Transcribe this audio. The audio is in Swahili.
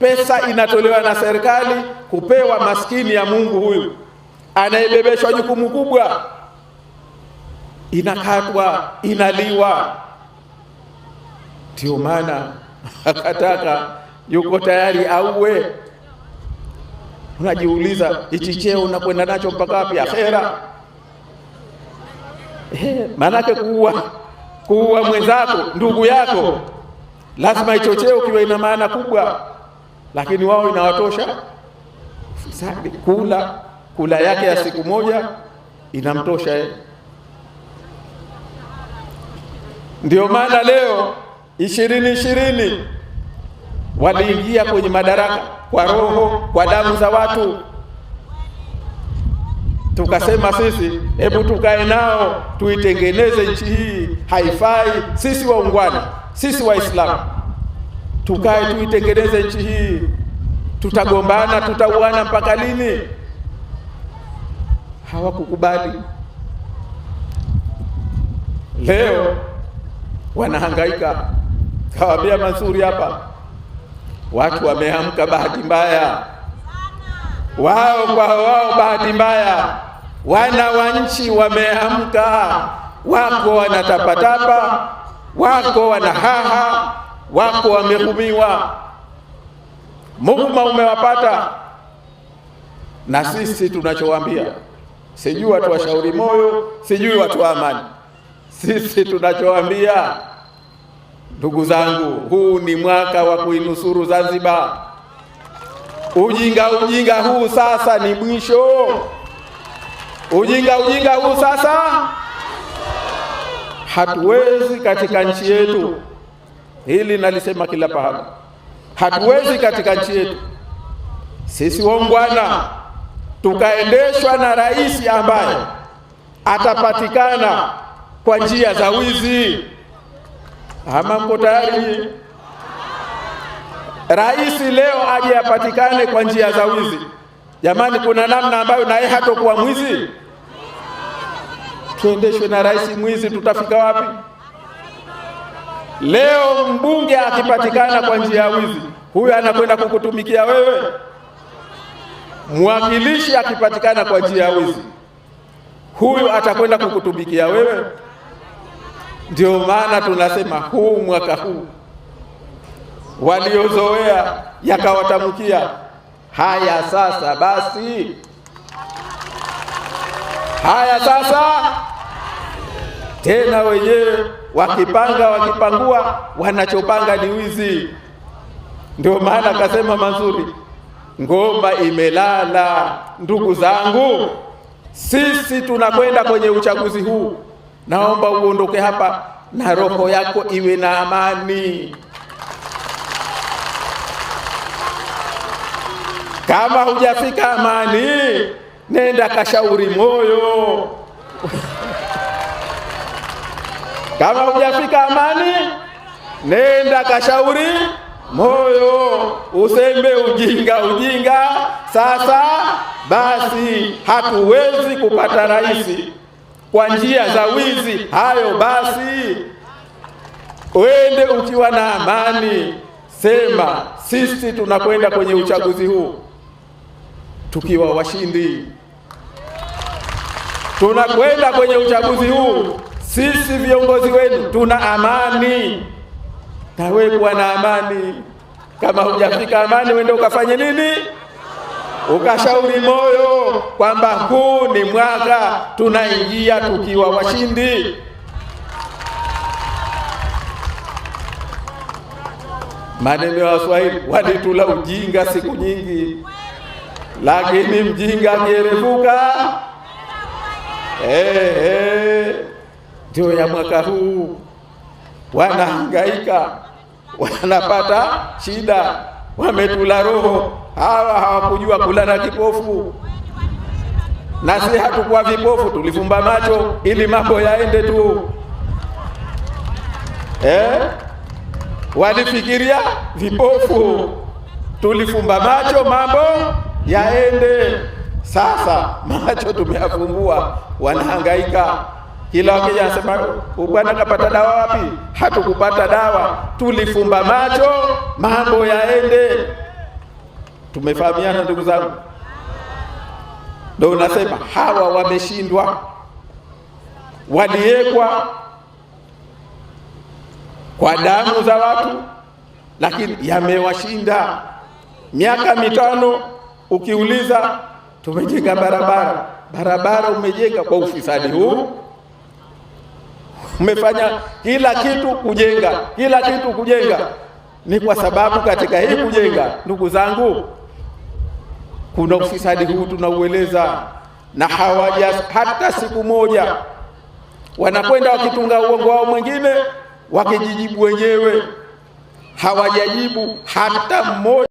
Pesa inatolewa na serikali kupewa maskini ya Mungu huyu anayebebeshwa jukumu kubwa, inakatwa inaliwa. Ndio maana akataka, yuko tayari auwe. Unajiuliza, hichi cheo unakwenda nacho mpaka wapi? Akhera maanake kuua kuua mwenzako, ndugu yako, lazima hicho cheo kiwe ina maana kubwa lakini wao inawatosha fisadi, kula kula yake ya siku moja inamtosha. Ndio maana leo ishirini ishirini waliingia kwenye madaraka kwa roho, kwa damu za watu. Tukasema sisi, hebu tukae nao tuitengeneze nchi hii, haifai. Sisi waungwana, sisi Waislamu tukae tuitengeneze nchi hii. Tutagombana, tutauana mpaka lini? Hawakukubali. Leo wanahangaika. Kawaambia Mansuri hapa, watu wameamka, bahati mbaya wao kwa wao, bahati mbaya wana wa nchi wameamka, wako wanatapatapa, wako wanahaha wako wamehumiwa, muhuma umewapata. Na sisi tunachowaambia, sijui watu wa shauri moyo, sijui watu wa amani, sisi tunachowaambia ndugu zangu, huu ni mwaka wa kuinusuru Zanzibar. Ujinga ujinga huu sasa ni mwisho. Ujinga ujinga huu sasa, hatuwezi katika nchi yetu Hili nalisema kila pahala, hatuwezi katika nchi yetu sisi wongwana tukaendeshwa na rais ambaye atapatikana kwa njia za wizi. Ama mko tayari? Rais leo aje apatikane kwa njia za wizi, jamani, kuna namna ambayo naye hatokuwa mwizi? Tuendeshwe na rais mwizi, tutafika wapi? Leo mbunge akipatikana kwa njia ya wizi, huyo anakwenda kukutumikia wewe. Mwakilishi akipatikana kwa njia ya wizi, huyu atakwenda kukutumikia wewe. Ndio maana tunasema huu mwaka huu waliozoea yakawatamkia haya sasa, basi haya sasa tena wenyewe wakipanga wakipangua, wanachopanga ni wizi. Ndio maana akasema mazuri ngoma imelala. Ndugu zangu, sisi tunakwenda kwenye uchaguzi huu, naomba uondoke hapa na roho yako iwe na amani. Kama hujafika amani, nenda kashauri moyo. Kama hujafika Amani, nenda kashauri moyo, usembe ujinga ujinga. Sasa basi, hatuwezi kupata rais kwa njia za wizi. Hayo basi, wende ukiwa na amani, sema sisi tunakwenda kwenye uchaguzi huu tukiwa washindi, tunakwenda kwenye uchaguzi huu sisi viongozi wenu tuna amani, wewe kuwa na amani. Kama hujafika amani, wende ukafanye nini? Ukashauri moyo kwamba huu ni mwaka tunaingia tukiwa washindi. Maneno ya Waswahili, walitula ujinga siku nyingi, lakini mjinga akierevuka, hey, hey ndio ya mwaka huu. Wanahangaika, wanapata shida, wametula roho. Hawa hawakujua kulala kipofu, na si hatukuwa vipofu, tulifumba macho ili mambo yaende tu eh? Walifikiria vipofu, tulifumba macho mambo yaende. Sasa macho tumeyafumbua, wanahangaika ila wakija anasema bwana, kapata dawa wapi? Hatukupata dawa, tulifumba macho mambo yaende. Tumefahamiana ndugu zangu? Ndio unasema hawa wameshindwa, waliekwa kwa damu za watu, lakini yamewashinda. Miaka mitano ukiuliza, tumejenga barabara, barabara umejenga kwa ufisadi huu mmefanya kila kitu kujenga, kila kitu kujenga. Ni kwa sababu katika hii kujenga, ndugu zangu, kuna ufisadi huu tunaueleza, na hawaja hata siku moja, wanakwenda wakitunga uongo wao mwingine, wakijijibu wenyewe, hawajajibu hata mmoja.